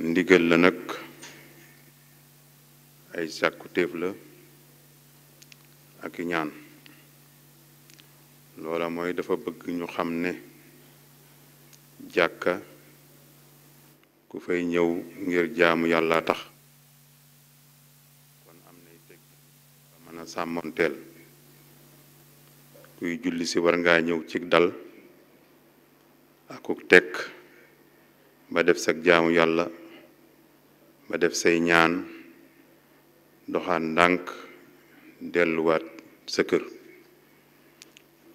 ndigal la nag ay sàkku la ak i ñaan loola mooy dafa bëgg ñu xam ne jàkka ku fay ñëw ngir jaamu yàlla tax kon am nay teg ba mën a sàmmonteel kuy julli si war ngaa ñëw cig dal akuk tek ba def sag jaamu yàlla ba def say ñaan doxaan ndànk delluwaat sa kër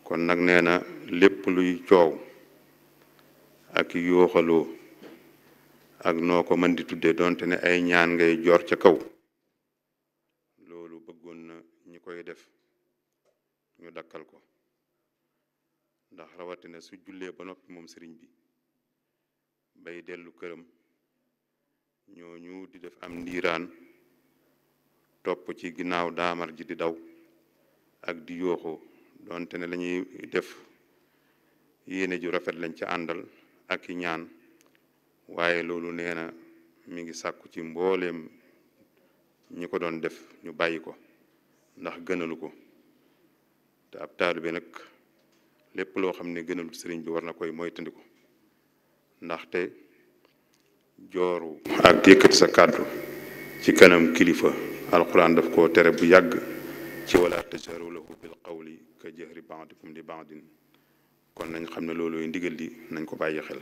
kon nag nee na lépp luy coow ak yooxaloo ak noo ko mën di tudde donte ne ay ñaan ngay joor ca kaw loolu bëggoon na ñi koy def ñu dakkal ko ndax rawatina su jullee ba noppi moom sëriñ bi bay dellu këram ñoo ñu di def am ndiiraan topp ci ginnaaw daamar ji di daw ak di yooxu donte ne lañuy def yéene ju rafet lañ ci àndal ak i ñaan waaye loolu nee na mi ngi sàkku ci mbooleem ñi ko doon def ñu bàyyi ko ndax gënalu ko te ab taalibe nag lépp loo xam ne gënalu sëriñ bi war na koy moytandiku ndaxte jooro ak yëkkati sa kàddu ci kanam kilifa alquran daf ko tere bu yàgg ci wala tajharu lahu bil qawli ka jahri ba'dikum li ba'din kon nañ xam ne loolu ndigal li nañ ko bàyyi xel